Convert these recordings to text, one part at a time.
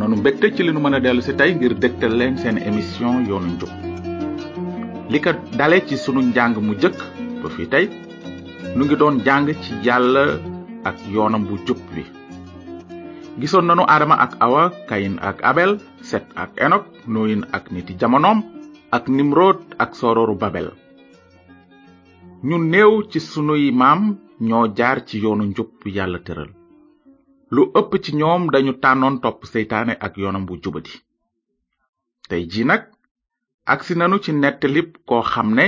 nanu mbégte ci li nu mën a dellu si tey ngir dégtal leen seen émission yoonu njub li ko dale ci sunu njàng mu jëkk ba fii tey nu ngi doon jàng ci yàlla ak yoonam bu jub bi gisoon nanu aadama ak awa kayin ak abel set ak enok nooyin ak nit yi jamonoom ak nimrod ak sororu babel ñu néew ci sunuy maam ñoo jaar ci yoonu njub yàlla tëral lu ëpp ci ñoom dañu tànnoon topp seytaane ak yoonam bu jubadi tey jii nag agsi nanu ci nettalib koo xam ne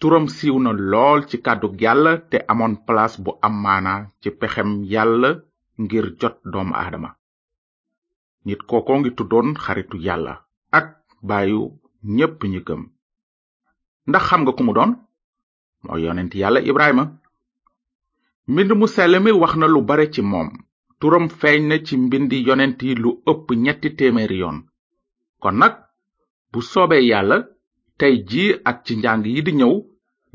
turam siiw na lool ci kàddug yàlla te amoon palaas bu am maana ci pexem yàlla ngir jot doomu aadama nit kooko ngi tuddoon xaritu yàlla ak baayu ñépp ñi ndax xam nga ku mu doon moo yonent yàlla ibrahima mbind mu sell wax na lu bare ci moom turam feeñ na ci mbind yonent yi lu ëpp ñetti téeméeri yoon kon nag bu soobee yàlla tey jii ak ci njàng yi di ñëw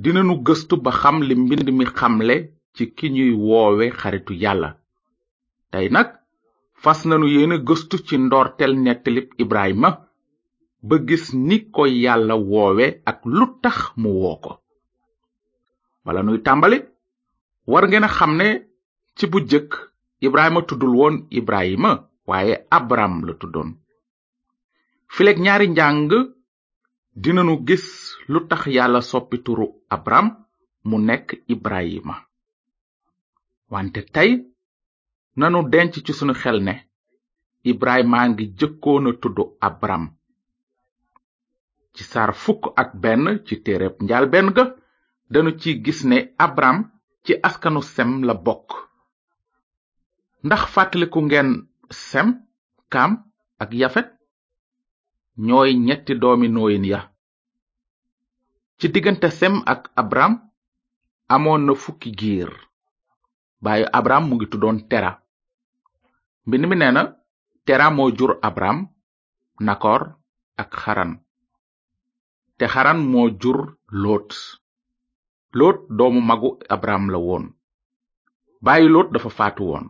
dinanu gëstu ba xam li mbind mi xamle ci ki ñuy woowe xaritu yàlla tey nag fas nanu yéene gëstu ci ndoortel nettalib ibrahima ba gis ni ko yàlla woowe ak lu tax mu woo ko bala nuy tàmbali war ngeen a xam ne ci bu jëkk ibrahima tuddul woon ibrahima waaye abraham la tuddoon fileeg ñaari njàng dinanu gis lu tax yàlla soppi turu abraham mu nekk ibrahima wante tey nanu denc ci sunu xel ne maa ngi jëkkoon a tudd abraham ci saar fukk ak benn ci téereb njaal benn ga danu ci gis ne abraham ci askanu sem la bokk ndax fàttaliku ngeen sem kam ak yafet ñooy ñetti doomi nooyin ya ci diggante sem ak abram amoon na fukki giir baayu abram mu ngi tuddoon tera mbind mi nee na tera moo jur abram nakor ak xaran te xaran moo jur loot loot doomu magu abram la woon baayu loot dafa faatu woon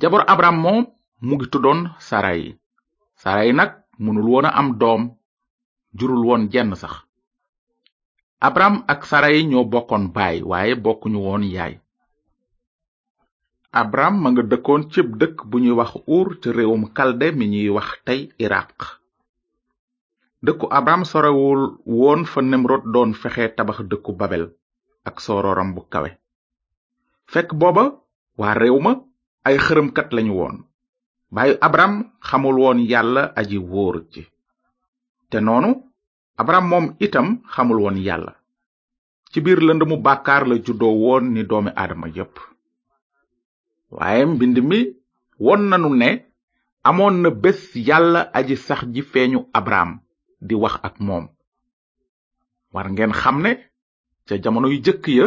jabar abraham moom mu ngi tuddoon sarayi yi nag mënul woon a am doom jurul woon jenn sax abraham ak yi ñoo bokkoon baay waaye bokkuñu woon yaay abraham ma nga dëkkoon cib dëkk bu ñuy wax uur ci réewum kalde mi ñuy wax tey iraq dëkku abraham sorewul woon fa nemrod doon fexe tabax dëkku babel ak sororam bu kawe fekk booba waa réew ay xërëmkat lañu woon baayu abram xamul woon yàlla aji wóor ji te noonu abram moom itam xamul woon yàlla ci biir lëndëmu bàkkaar la juddoo woon ni doomi aadama yépp waaye mbind mi won nanu ne amoon na bés yàlla aji sax ji feeñu abram di wax ak moom war ngeen xam ne ca jamonoyu jëkk ya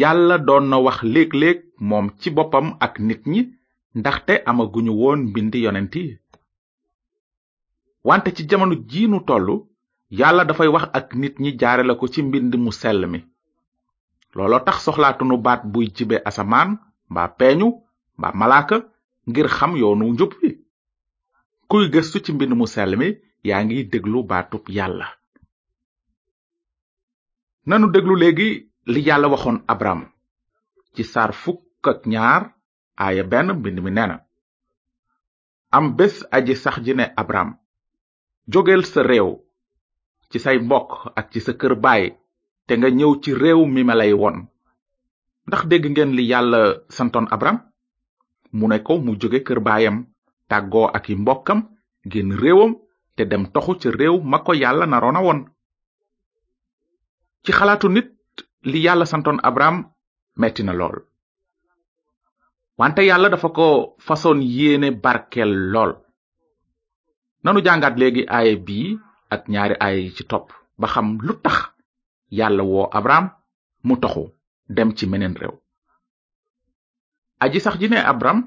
yàlla doon na wax léeg-léeg moom ci boppam ak nit ñi ndaxte amaguñu woon mbind yonent wante ci jamono jiinu nu tollu yàlla dafay wax ak nit ñi jaare ko ci mbind mu sell mi looloo tax soxlaatunu baat buy jibe asamaan mbaa peeñu mbaa malaaka ngir xam yoonu njub wi kuy gëstu ci mbind mu sell mi yaa ngi déglu baatu yàlla nanu déglu léegi li yàlla waxoon abram ci saar fukk fukk ñaar aaya benn mbind mi nee am bés aji sax ji ne abraham jógeel sa réew ci say mbokk ak ci sa kër te nga ñëw ci réew mi ma lay won ndax dégg ngeen li yàlla santoon abraham mu ne ko mu jóge kër baayam tàggoo ak i mbokkam génn réewam te dem toxu ci réew ma ko yàlla naroon a woon ci xalaatu nit li yàlla santoon abraham metti na lool wante yàlla dafa ko façon yéene barkeel lool nanu jàngaat léegi aaye bii ak ñaari aaye yi ci topp ba xam lu tax yàlla woo abraham mu taxu dem ci meneen réew aji sax ji ne abraham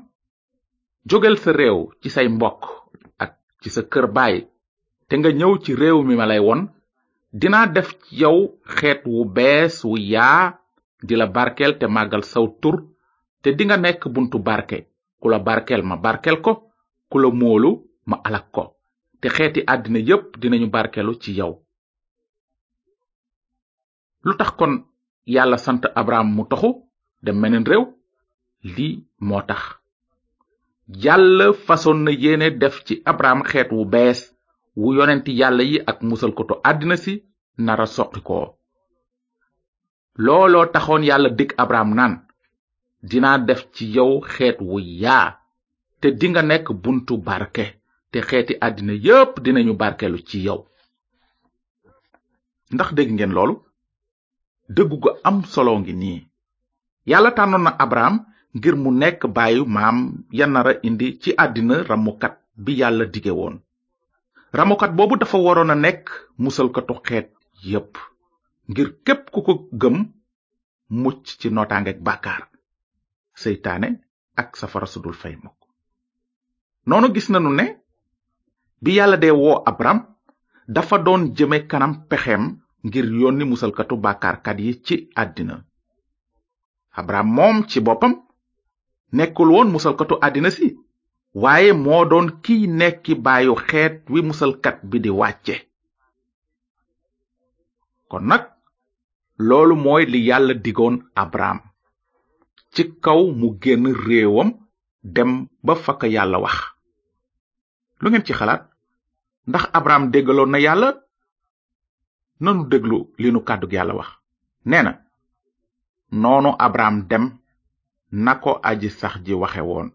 jógal sa réew ci say mbokk ak ci sa kër baay te nga ñëw ci réew mi ma lay won dinaa def yow xeet wu bees wu yaa di la barkeel te màggal saw tur te dinga nekk buntu barke ku la barkel ma barkeel ko ku la moolu ma alak ko te xeeti àddina yépp dinañu barkelu ci yow lu tax kon yàlla sant abraham mu toxu dem meneen réew lii moo tax yàlla fasoon na yéene def ci abraham xeet wu bees wu yonenti yàlla yi ak musalkatu àddina si nara soqi ko looloo taxoon yàlla dig abraham naan dinaa def ci yow xeet wu yaa te dinga nekk buntu barke te xeeti àddina yépp dinañu barkelu ci yow ndax dégg ngeen loolu dëggu ko am solo ngi nii yàlla tànnoon na abraham ngir mu nekk bàyyi maam ya nara indi ci àddina ramukat bi yàlla dige woon ramukat boobu dafa waroon a nekk musalkatu xeet yépp ngir képp ku ko gëm mucc ci nootaangeek bàkkaar seytaane ak safara noonu gis nanu ne bi yàlla de woo abram dafa doon jëme kanam pexeem ngir yónni musalkatu bàkkaarkat yi ci àddina abram moom ci boppam nekkul woon musalkatu àddina si waaye moo doon kiy nekki baayu xeet wi musalkat bi di wàcce kon nag loolu mooy li yàlla digoon abram ci kaw mu génn réewam dem ba fa yàlla wax lu ngeen ci xalaat ndax abraham déggaloon na yàlla nanu déglu li nu kàddug yàlla wax nee na noonu abraham dem nako ko aji sax ji waxe woon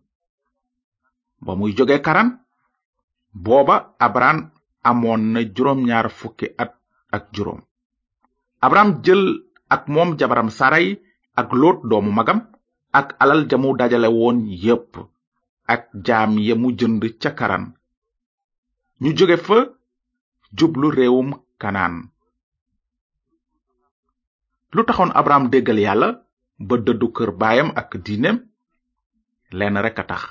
ba muy jóge karan booba abraham amoon na juróom ñaar fukki at ak juróom abraham jël ak moom jabaram saray ak loot doomu magam ak alal jamu dajale woon yépp ak jaam ya mu jënd ca karan ñu jóge fa jublu réewum kanaan lu taxoon abraham déggal yàlla ba dëddu kër baayam ak diineem leen rek a tax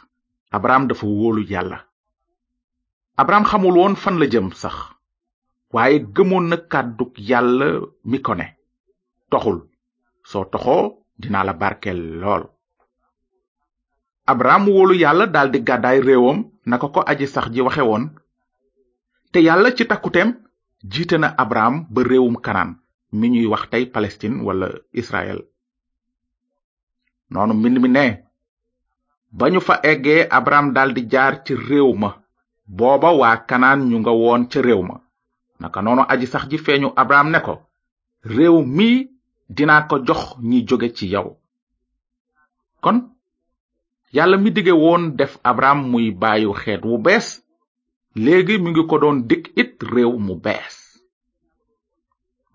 abraham dafa wóolu yàlla abraham xamul woon fan la jëm sax waaye gëmoon na kàddug yàlla mi ko toxul soo toxoo dinaa la barke lool abraham wóolu yàlla daldi gàddaay réewam naka ko aji sax ji waxe woon te yàlla ci takkuteem jiite na abraham ba réewum kanaan mi ñuy wax tey palestine walla israel noonu mbind mi ne ba ñu fa eggee abraham daldi jaar ci réew ma booba waa kanaan ñu nga woon ca réew ma naka noonu aji sax ji feeñu abraham ne ko réew mi dinaa ko jox ñi jóge ci yow kon yàlla mi dige woon def abraham muy baayu xeet wu bees léegi mu ngi ko doon dig it réew mu bees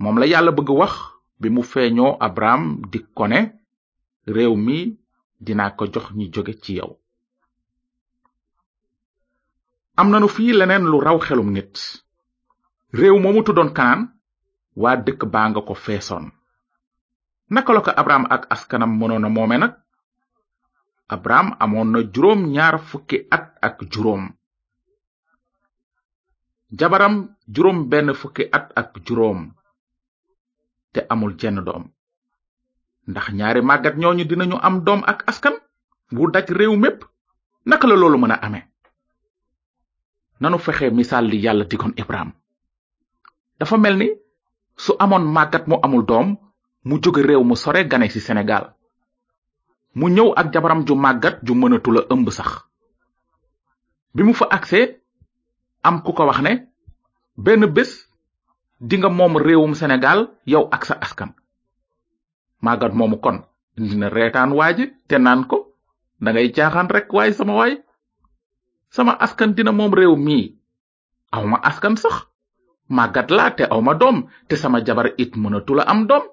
moom la yàlla bëgg wax bi mu feeñoo abraham di ko réew mii dinaa ko jox ñi jóge ci yow am nanu fii leneen lu raw xelum nit réew moomu doon kanaan waa dëkk baa nga ko feesoon naka la ko abraham ak askanam mënoon a moome nag abraham amoon na juróom ñaar fukki at ak juróom jabaram juróom benn fukki at ak juróom te amul jenn doom ndax ñaari màggat ñooñu dinañu am doom ak askan bu daj réew mépp naka la loolu mën a ame nanu fexe misaal di yàlla digoon ibrahim dafa mel ni su amoon màggat mu amul doom mu jóge réew mu sore gane ci Sénégal mu ñëw ak jabaram ju màggat ju mënatula ëmb sax bi mu fa agsee am ku ko wax ne benn bés dinga moom réewum Sénégal yow ak sa askan màggat moomu kon dina reetaan waaji te naan ko dangay caaxaan rek waay sama waay sama askan dina moom réew mi awma askan sax màggat laa te awma doom te sama jabar it mënatula am doom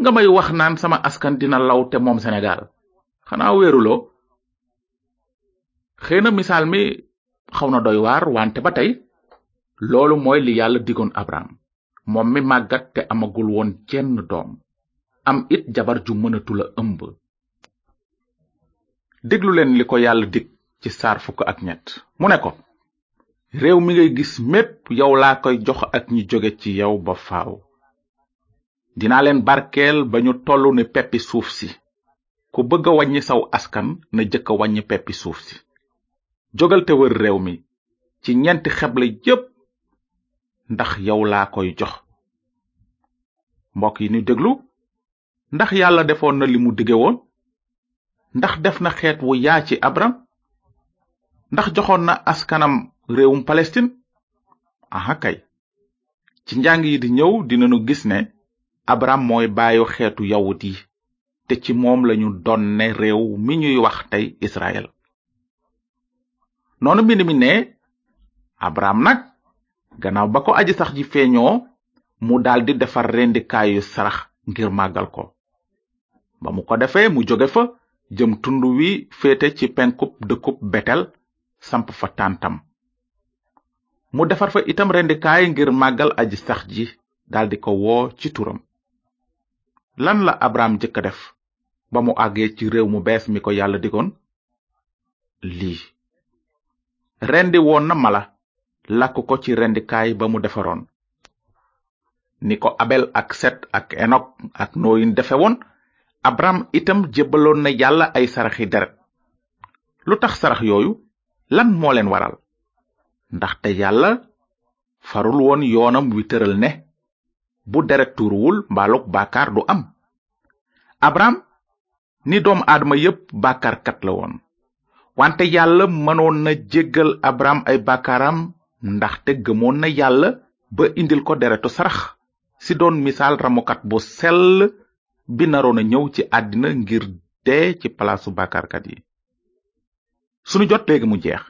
nga may wax naan sama askan dina law te moom Sénégal xanaa wéeruloo xëy na misaal mi xaw na doy waar wante ba tey loolu mooy li yàlla digoon Abraham moom mi màggat te amagul woon jenn doom am it jabar ju mënatula ëmb déglu leen li ko yàlla dig ci saar fukk ak ñett mu ne ko réew mi ngay gis mépp yow laa koy jox ak ñi jóge ci yow ba faaw dina leen barkeel ba ñu tollu ne peppi suuf si ku bëgg a wàññi saw askan na jëkk a peppi suuf si jógal wër réew mi ci ñenti xebla yépp ndax yow laa koy jox mbokk yi ñu déglu ndax yàlla defoon na li mu dige woon ndax def na xeet wu yaa ci abram ndax joxoon na askanam réewum palestine aha kay ci njàng yi di ñëw dinañu gis ne abraham mooy baayu xeetu yawut te ci moom lañu donne réew mi ñuy wax tey israel noonu mbind mi ne abraham nag gannaaw ba ko aji sax ji feeñoo mu daldi defar rendikaayu sarax ngir màggal ko ba mu ko defee mu joge fa jëm tund wi féete ci penkub dëkkub betel samp fa tàntam mu defar fa itam rendikaay ngir màggal aji sax ji daldi ko woo ci turam lan la abraham jëkk a def ba mu àggee ci réew mu bees mi ko yàlla digoon lii rendi woon na mala lakk ko ci rendikaay ba mu defaroon ni ko abel ak set ak enok ak nooyin defe woon abraham itam jébbaloon na yàlla ay saraxi deret lu tax sarax yooyu lan moo leen waral ndax te yàlla farul woon yoonam wi tëral ne bu deret tuuruwul mbaalug baakaar du am abraham ni doomu aadama yépp baakaarkat la woon wante yàlla mënoon na jéggal abraham ay baakaaram ndaxte gëmoon na yàlla ba indil ko deretu sarax si doon misaal ramukat bu sell bi naroon a ñëw ci àddina ngir dee ci palaasu baakaarkat yi sunu jot léegi mu jeex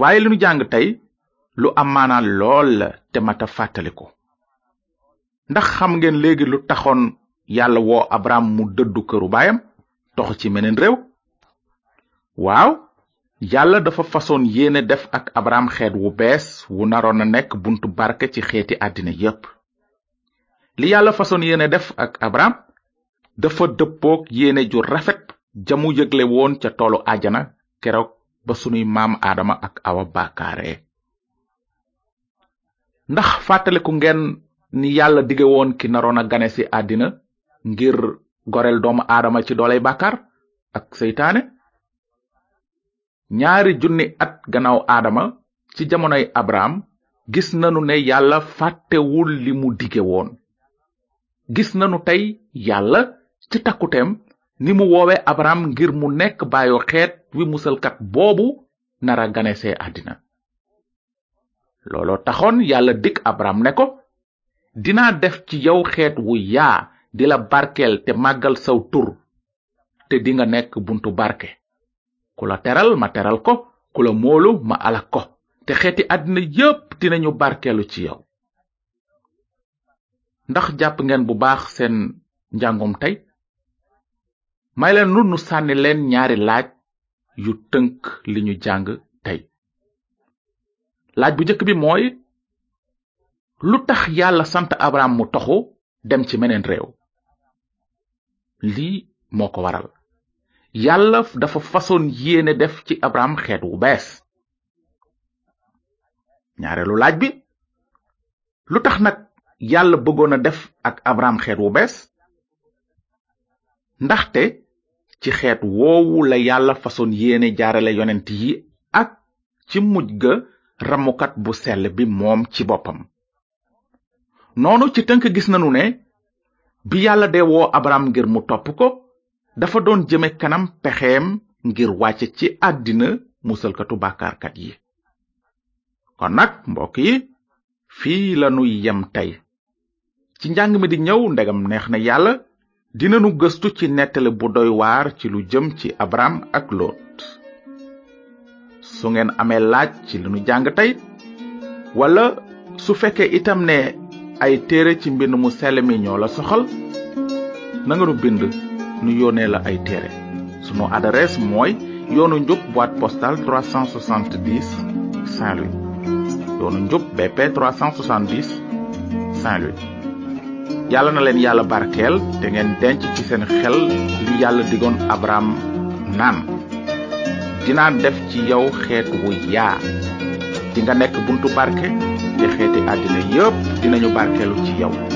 waaye li jàng tey lu am maanaa lool la te mata ko ndax xam ngeen léegi lu taxoon yàlla woo abraham mu dëddu këru baayam tox ci meneen réew waaw yàlla dafa façon yéene def ak abraham xeet wu bees wu naroon a nekk buntu barke ci xeeti àddina yépp li yàlla façon yéene def ak abraham dafa dëppook yéene ju rafet jamu yëgle woon ca toolu ajana keroog ba sunuy maam aadama ak awa baakaare ndax fàttaliku ngeen ni yàlla dige woon ki naroon a gane àddina ngir goreel doomu aadama ci dooley bàkkaar ak seytaane ñaari junni at gannaaw aadama ci jamonoy abraham gis nanu ne yàlla fàttewul li mu dige woon gis nanu tey yàlla ci takkuteem ni mu woowe abraham ngir mu nekk baayu xeet wi musalkat boobu nara ganesee àddina looloo taxoon yàlla dig abraham ne ko dina def ci yow xeet wu yaa di la barkeel te màggal saw tur te dinga nekk buntu barke ku la teral ma teral ko ku la moolu ma alak ko te xeeti àddina yépp ñu barkeelu ci yow ndax jàpp ngeen bu baax seen njàngum tey may leen nu sànni leen ñaari laaj yu tënk li ñu jàng tey laaj bu njëkk bi mooy lu tax yàlla sant abraham mu taxu dem ci meneen réew lii moo ko waral yàlla dafa façon yéene def ci abraham xeet wu bees ñaareelu laaj bi lu tax nag yàlla bëggoon a def ak abraham xeet wu bees ndaxte ci xeet woowu la yàlla façon yéene jaarale yonent yi ak ci mujj ga ramukat bu sell bi moom ci boppam noonu ci tënk gis nanu ne bi yàlla de woo abraham ngir mu topp ko dafa doon jëme kanam pexeem ngir wàcce ci àddina musalkatu bàkkaarkat yi kon nag mbokk yi fii lanu yem tey ci njàng mi di ñaw ndegam neex na yàlla dinanu gëstu ci nettale bu doy waar ci lu jëm ci abraham ak lot su ngeen amee laaj ci li nu jàng tey wala su fekkee itam ne ay téere ci mbind mu sell mi ñoo la soxal nanga nu bind nu yónnee la ay téere sunu adresse mooy yoonu njub boîte postale 370 Saint-Louis yoonu njub BP 370 saint yàlla na leen yàlla barkeel te ngeen denc ci seen xel li yàlla digoon Abraham naan dinaa def ci yow xeetu wu yaa di nekk buntu barke te àddina yépp dinañu barkeelu ci yow